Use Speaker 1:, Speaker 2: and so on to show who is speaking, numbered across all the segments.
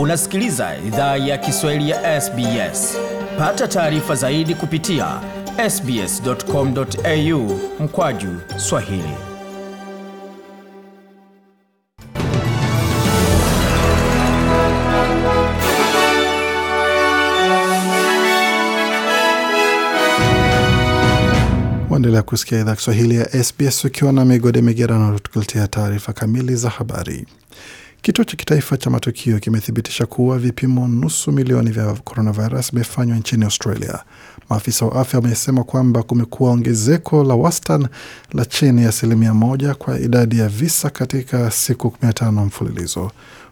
Speaker 1: Unasikiliza idhaa ya Kiswahili ya SBS. Pata taarifa zaidi kupitia sbs.com.au mkwaju Swahili. Waendelea kusikia idhaa Kiswahili ya SBS ukiwa na migode migerano, tukuletea taarifa kamili za habari. Kituo cha kitaifa cha matukio kimethibitisha kuwa vipimo nusu milioni vya coronavirus vimefanywa nchini Australia. Maafisa wa afya wamesema kwamba kumekuwa ongezeko la wastani la chini ya asilimia moja kwa idadi ya visa katika siku 15 mfululizo,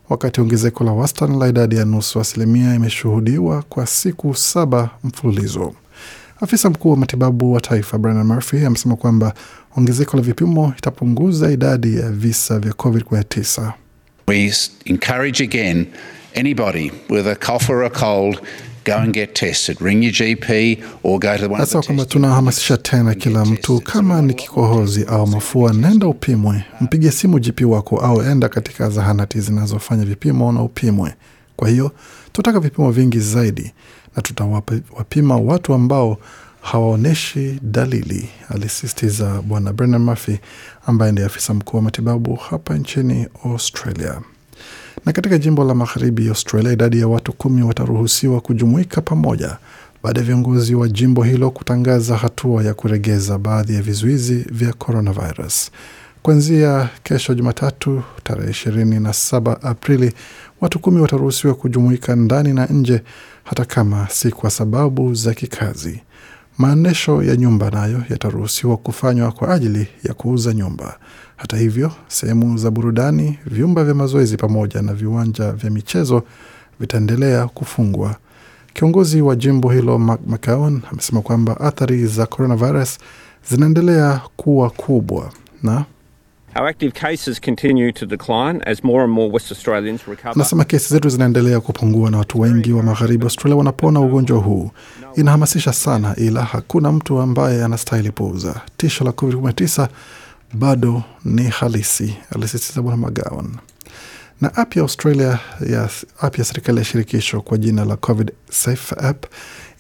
Speaker 1: wakati ongezeko la wastani la idadi ya nusu asilimia imeshuhudiwa kwa siku saba mfululizo. Afisa mkuu wa matibabu wa taifa Brian Murphy amesema kwamba ongezeko la vipimo itapunguza idadi ya visa vya COVID-19. We encourage again anybody with a cough or a cold Hasa kwamba tunahamasisha tena kila mtu, kama ni kikohozi au mafua, nenda upimwe, mpige simu GP wako au enda katika zahanati zinazofanya vipimo na upimwe. Kwa hiyo tunataka vipimo vingi zaidi, na tutawapima watu ambao hawaonyeshi dalili, alisisitiza Bwana Brendan Murphy ambaye ndiye afisa mkuu wa matibabu hapa nchini Australia. Na katika jimbo la magharibi Australia, idadi ya watu kumi wataruhusiwa kujumuika pamoja baada ya viongozi wa jimbo hilo kutangaza hatua ya kuregeza baadhi ya vizuizi vya coronavirus. Kuanzia kesho Jumatatu tarehe ishirini na saba Aprili, watu kumi wataruhusiwa kujumuika ndani na nje, hata kama si kwa sababu za kikazi. Maonesho ya nyumba nayo yataruhusiwa kufanywa kwa ajili ya kuuza nyumba. Hata hivyo, sehemu za burudani, vyumba vya mazoezi pamoja na viwanja vya michezo vitaendelea kufungwa. Kiongozi wa jimbo hilo McGowan amesema kwamba athari za coronavirus zinaendelea kuwa kubwa na Anasema kesi zetu zinaendelea kupungua na watu wengi wa magharibi Australia wanapona ugonjwa huu. Inahamasisha sana, ila hakuna mtu ambaye anastahili puuza. Tisho la COVID-19 bado ni halisi, alisisitiza Bwana McGowan. Na app ya Australia ya app ya serikali ya shirikisho kwa jina la COVID Safe app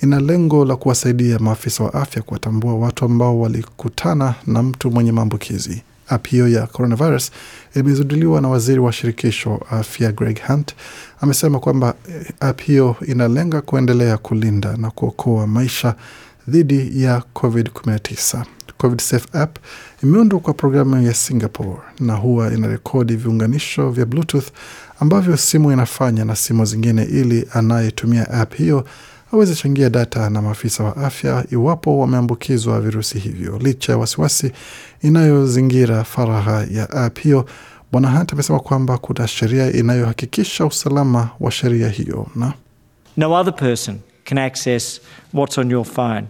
Speaker 1: ina lengo la kuwasaidia maafisa wa afya kuwatambua watu ambao walikutana na mtu mwenye maambukizi app hiyo ya coronavirus imezinduliwa na waziri wa shirikisho afya Greg Hunt. Amesema kwamba eh, app hiyo inalenga kuendelea kulinda na kuokoa maisha dhidi ya COVID-19. COVID Safe app imeundwa kwa programu ya Singapore na huwa inarekodi viunganisho vya Bluetooth ambavyo simu inafanya na simu zingine, ili anayetumia app hiyo hawezi changia data na maafisa wa afya iwapo wameambukizwa virusi hivyo, licha ya wasiwasi inayozingira faragha ya app hiyo. Bwana Hunt amesema kwamba kuna sheria inayohakikisha usalama wa sheria hiyo na no other person can access what's on your phone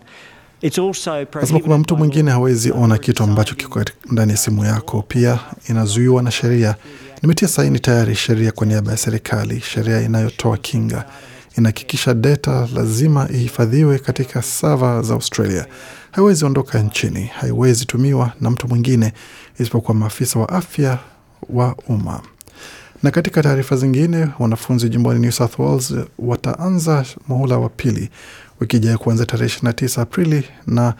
Speaker 1: Nasema kwamba mtu mwingine hawezi ona kitu ambacho kiko ndani ya simu yako, pia inazuiwa na sheria. Nimetia saini tayari sheria kwa niaba ya serikali, sheria inayotoa kinga inahakikisha data lazima ihifadhiwe katika sava za Australia. Haiwezi ondoka nchini, haiwezi tumiwa na mtu mwingine isipokuwa maafisa wa afya wa umma. Na katika taarifa zingine, wanafunzi jimboni New South Wales wataanza muhula wa pili wiki ijayo kuanzia tarehe 29 Aprili na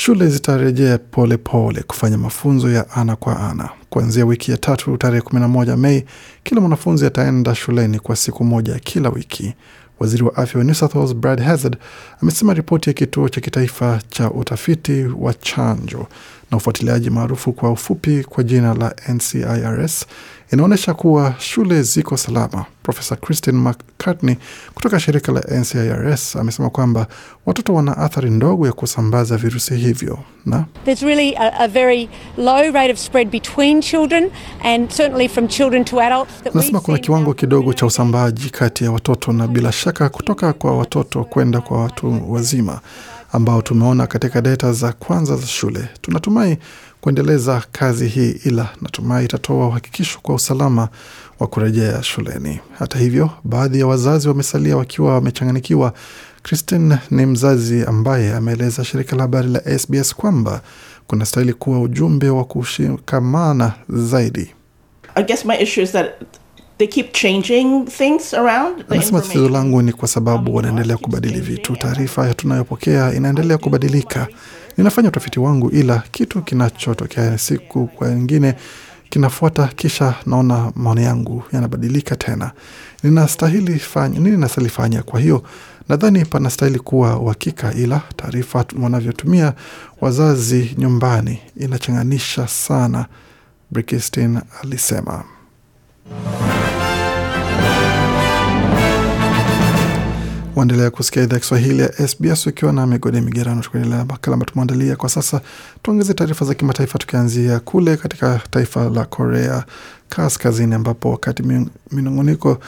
Speaker 1: Shule zitarejea polepole kufanya mafunzo ya ana kwa ana kuanzia wiki ya tatu tarehe 11 Mei. Kila mwanafunzi ataenda shuleni kwa siku moja kila wiki. Waziri wa afya wa New South Wales Brad amesema ripoti ya kituo cha kitaifa cha utafiti wa chanjo na ufuatiliaji maarufu kwa ufupi kwa jina la NCIRS inaonyesha kuwa shule ziko salama. Profesa christin McCartney kutoka shirika la NCIRS amesema kwamba watoto wana athari ndogo ya kusambaza virusi hivyo na really a, a very low rate of spread between children and certainly from children to adults that nasema kuna kiwango kidogo cha usambaji kati ya watoto na bila shaka kutoka kwa watoto kwenda kwa watu wazima ambao tumeona katika data za kwanza za shule. Tunatumai kuendeleza kazi hii, ila natumai itatoa uhakikisho kwa usalama wa kurejea shuleni. Hata hivyo, baadhi ya wazazi wamesalia wakiwa wamechanganyikiwa. Christine ni mzazi ambaye ameeleza shirika la habari la SBS kwamba kunastahili kuwa ujumbe wa kushikamana zaidi. Anasema tatizo langu ni kwa sababu wanaendelea kubadili vitu, taarifa tunayopokea inaendelea kubadilika Ninafanya utafiti wangu, ila kitu kinachotokea siku kwa wengine kinafuata, kisha naona maoni yangu yanabadilika tena. Ninastahili fanya nini? Nastahili fanya. Kwa hiyo nadhani panastahili kuwa uhakika, ila taarifa wanavyotumia wazazi nyumbani inachanganisha sana, Brikistin alisema. Waendelea kusikia idhaa Kiswahili ya SBS ukiwa na migodi migerano, tukuendelea makala ambayo tumeandalia kwa sasa. Tuongeze taarifa za kimataifa, tukianzia kule katika taifa la Korea Kaskazini ambapo wakati minong'oniko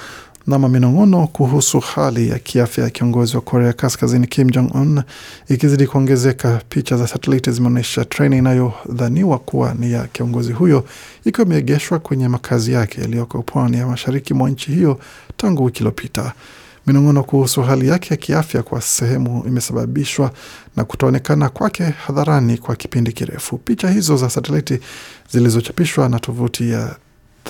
Speaker 1: nama minong'ono kuhusu hali ya kiafya ya kiongozi wa Korea Kaskazini Kim Jong Un ikizidi kuongezeka, picha za satelaiti zimeonyesha treni inayodhaniwa kuwa ni ya kiongozi huyo ikiwa imeegeshwa kwenye makazi yake yaliyoko pwani ya mashariki mwa nchi hiyo tangu wiki iliyopita. Minong'ono kuhusu hali yake ya kiafya kwa sehemu imesababishwa na kutoonekana kwake hadharani kwa kipindi kirefu. Picha hizo za satelaiti zilizochapishwa na tovuti ya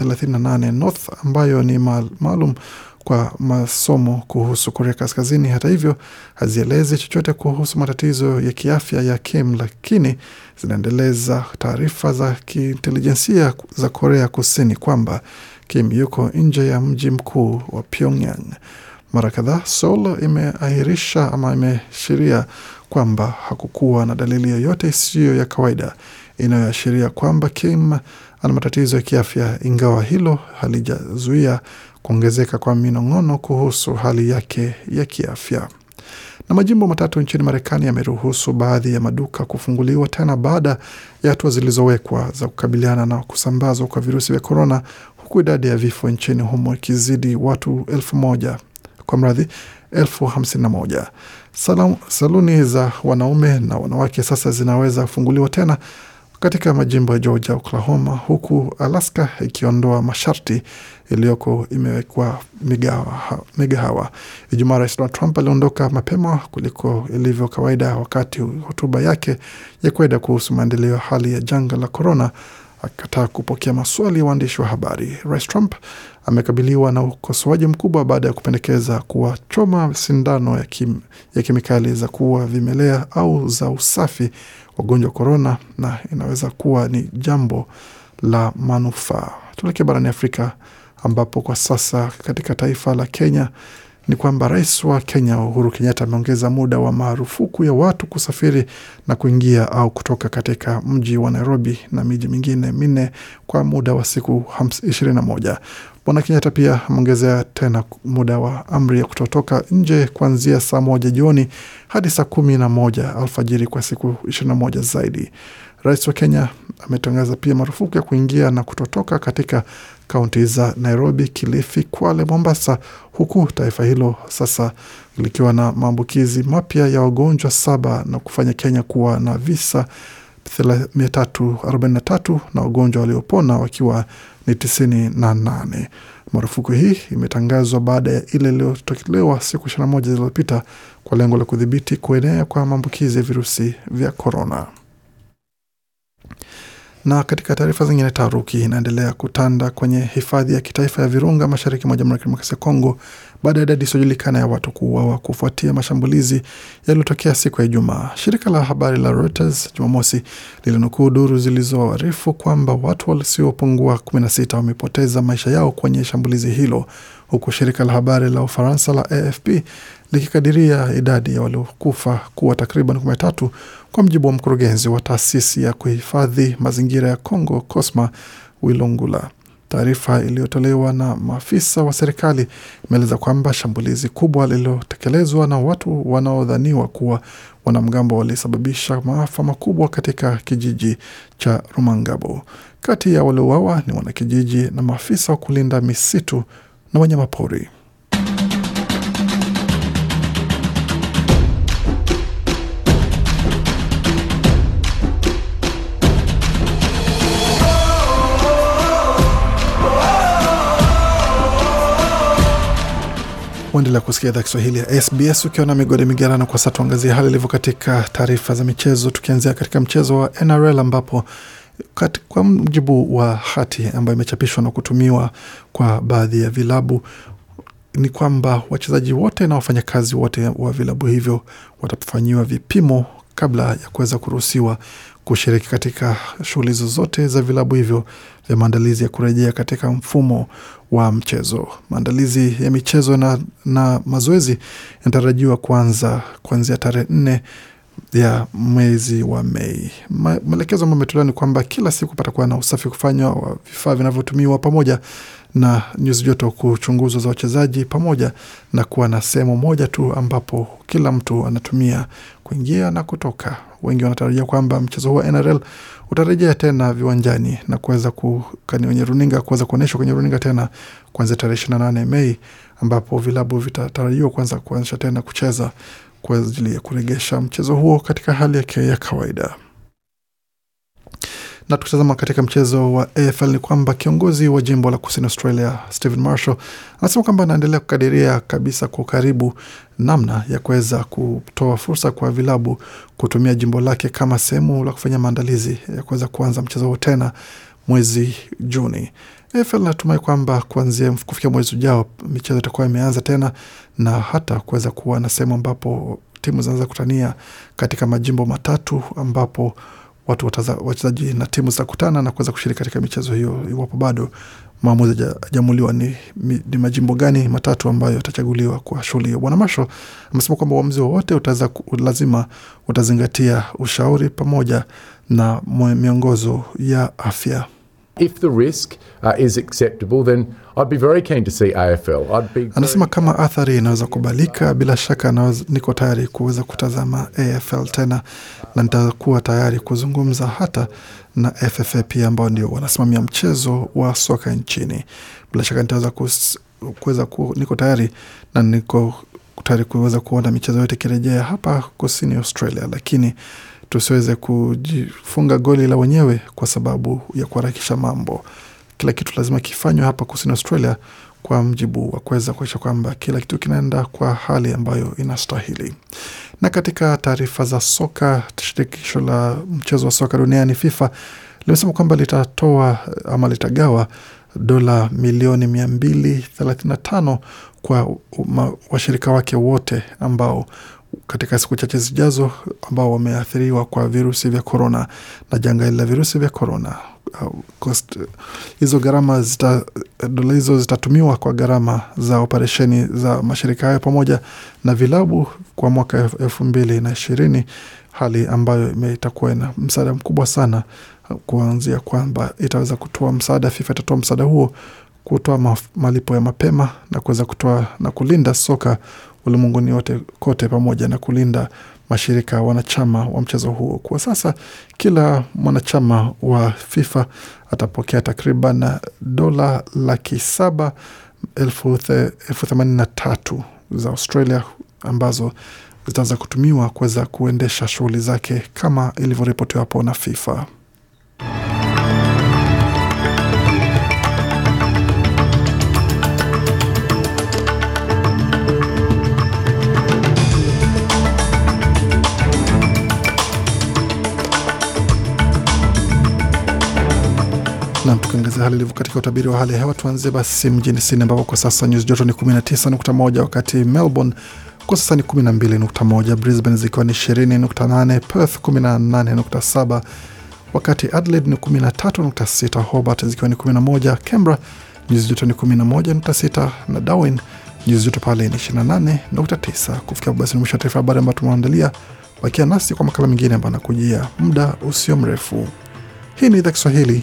Speaker 1: 38 North ambayo ni maalum kwa masomo kuhusu Korea Kaskazini, hata hivyo, hazielezi chochote kuhusu matatizo ya kiafya ya Kim, lakini zinaendeleza taarifa za kiintelijensia za Korea Kusini kwamba Kim yuko nje ya mji mkuu wa Pyongyang mara kadhaa. Seoul imeahirisha ama imeashiria kwamba hakukuwa na dalili yoyote isiyo ya kawaida inayoashiria kwamba Kim ana matatizo ya kiafya, ingawa hilo halijazuia kuongezeka kwa minong'ono kuhusu hali yake ya kiafya. Na majimbo matatu nchini Marekani yameruhusu baadhi ya maduka kufunguliwa tena baada ya hatua zilizowekwa za kukabiliana na kusambazwa kwa virusi vya korona, huku idadi ya vifo nchini humo ikizidi watu elfu moja kwa mradhi elfu hamsini na moja. Salam, saluni za wanaume na wanawake sasa zinaweza kufunguliwa tena katika majimbo ya Georgia, Oklahoma, huku Alaska ikiondoa masharti iliyoko imewekwa migahawa. Ijumaa, Rais Donald Trump aliondoka mapema kuliko ilivyo kawaida wakati hotuba yake ya kawaida kuhusu maendeleo ya hali ya janga la korona akikataa kupokea maswali ya waandishi wa habari. Rais Trump amekabiliwa na ukosoaji mkubwa baada ya kupendekeza kuwachoma sindano ya, kim, ya kemikali za kuua vimelea au za usafi wagonjwa wa korona, na inaweza kuwa ni jambo la manufaa. Tuelekee barani Afrika ambapo kwa sasa katika taifa la Kenya ni kwamba rais wa Kenya Uhuru Kenyatta ameongeza muda wa marufuku ya watu kusafiri na kuingia au kutoka katika mji wa Nairobi na miji mingine minne kwa muda wa siku moja. Bwana Kenyatta pia ameongezea tena muda wa amri ya kutotoka nje kuanzia saa moja jioni hadi saa kumi na moja alfajiri kwa siku moja zaidi. Rais wa Kenya ametangaza pia marufuku ya kuingia na kutotoka katika kaunti za Nairobi, Kilifi, Kwale, Mombasa, huku taifa hilo sasa likiwa na maambukizi mapya ya wagonjwa saba na kufanya Kenya kuwa na visa 343 na wagonjwa waliopona wakiwa ni 98. Marufuku hii imetangazwa baada ya ile iliyotokelewa siku 21 zilizopita kwa lengo la kudhibiti kuenea kwa maambukizi ya virusi vya korona. Na katika taarifa zingine, taharuki inaendelea kutanda kwenye hifadhi ya kitaifa ya Virunga mashariki mwa Jamhuri ya Kidemokrasia ya Kongo baada ya idadi isiyojulikana ya watu kuuawa kufuatia mashambulizi yaliyotokea siku ya Ijumaa. Shirika la habari la Reuters Jumamosi lilinukuu duru zilizoarifu kwamba watu wasiopungua 16 wamepoteza maisha yao kwenye shambulizi hilo, huku shirika la habari la Ufaransa la AFP likikadiria idadi ya waliokufa kuwa takriban 13 kwa mjibu wa mkurugenzi wa taasisi ya kuhifadhi mazingira ya congo Cosma Wilongula. Taarifa iliyotolewa na maafisa wa serikali imeeleza kwamba shambulizi kubwa lililotekelezwa na watu wanaodhaniwa kuwa wanamgambo walisababisha maafa makubwa katika kijiji cha Rumangabo. Kati ya waliouawa ni wanakijiji na maafisa wa kulinda misitu na wanyamapori. Uendelea kusikia idhaa Kiswahili ya SBS ukiwa na migode migerano. Kwa sasa tuangazie hali ilivyo katika taarifa za michezo, tukianzia katika mchezo wa NRL ambapo Kat, kwa mujibu wa hati ambayo imechapishwa na kutumiwa kwa baadhi ya vilabu ni kwamba wachezaji wote na wafanyakazi wote wa vilabu hivyo watafanyiwa vipimo kabla ya kuweza kuruhusiwa kushiriki katika shughuli zozote za vilabu hivyo vya maandalizi ya kurejea katika mfumo wa mchezo. Maandalizi ya michezo na, na mazoezi yanatarajiwa kuanza kuanzia tarehe nne ya mwezi wa Mei. Maelekezo ambayo ametolewa ni kwamba kila siku patakuwa na usafi kufanywa wa vifaa vinavyotumiwa pamoja na nyuzi joto kuchunguzwa za wachezaji pamoja na kuwa na sehemu moja tu ambapo kila mtu anatumia kuingia na kutoka. Wengi wanatarajia kwamba mchezo huu wa NRL utarejea tena viwanjani na kuweza kwenye runinga kuweza kuonyeshwa kwenye runinga tena kuanzia tarehe nane Mei, ambapo vilabu vitatarajiwa kuanza kuanzisha tena kucheza kwa ajili ya kuregesha mchezo huo katika hali yake ya kawaida. Na tukitazama katika mchezo wa AFL ni kwamba kiongozi wa jimbo la kusini Australia Stephen Marshall anasema kwamba anaendelea kukadiria kabisa kwa ukaribu namna ya kuweza kutoa fursa kwa vilabu kutumia jimbo lake kama sehemu la kufanya maandalizi ya kuweza kuanza mchezo huo tena mwezi Juni. AFL natumai kwamba kuanzia kufikia mwezi ujao michezo itakuwa imeanza tena na hata kuweza kuwa na sehemu ambapo timu zinaweza kutania katika majimbo matatu ambapo watu wachezaji na timu zitakutana na kuweza kushiriki katika michezo hiyo, iwapo bado maamuzi ajamuliwa ni, ni majimbo gani matatu ambayo yatachaguliwa kwa shughuli hiyo. Bwana Masho amesema kwamba uamuzi wowote utaweza lazima utazingatia ushauri pamoja na miongozo ya afya. If the risk, uh, is acceptable, then I'd be very keen to see AFL. I'd be... Anasema kama athari inaweza kubalika, bila shaka niko tayari kuweza kutazama AFL tena na nitakuwa tayari kuzungumza hata na FFA pia ambao ndio wanasimamia mchezo wa soka nchini. Bila shaka nitaweza kuweza ku, niko tayari na niko tayari kuweza kuona michezo yote ikirejea hapa kusini Australia, lakini tusiweze kujifunga goli la wenyewe kwa sababu ya kuharakisha mambo. Kila kitu lazima kifanywe hapa kusini Australia kwa mjibu wa kuweza kuakisha kwamba kila kitu kinaenda kwa hali ambayo inastahili. Na katika taarifa za soka, shirikisho la mchezo wa soka duniani FIFA limesema kwamba litatoa ama litagawa dola milioni 235 kwa washirika wake wote ambao katika siku chache zijazo ambao wameathiriwa kwa virusi vya korona na janga hili la virusi vya korona cost, hizo gharama zita, dola hizo zitatumiwa kwa gharama za operesheni za mashirika hayo pamoja na vilabu kwa mwaka elfu mbili na ishirini, hali ambayo itakuwa na msaada mkubwa sana, kuanzia kwamba itaweza kutoa msaada, FIFA itatoa msaada huo kutoa malipo ya mapema na kuweza kutoa na kulinda soka ulimwenguni wote kote pamoja na kulinda mashirika wanachama wa mchezo huo. Kwa sasa kila mwanachama wa FIFA atapokea takriban dola laki saba elfu themanini na tatu za Australia ambazo zitaanza kutumiwa kuweza kuendesha shughuli zake kama ilivyoripotiwa hapo na FIFA. Nam, tukiangazia hali ilivyo katika utabiri wa hali ya hewa, tuanzie basi mjini Sydney ambapo kwa sasa nyuzi joto ni 19.1, wakati Melbourne kwa sasa ni 12.1, Brisbane zikiwa ni 20.8, Perth 18.7, wakati Adelaide ni 13.6, Hobart zikiwa ni 11, Canberra nyuzi joto ni 11.6 na Darwin nyuzi joto pale ni 28.9. Kufikia basi ni mwisho wa taarifa habari ambayo tumeandalia. Bakia nasi kwa makala mengine ambayo anakujia muda usio mrefu. Hii ni idhaa Kiswahili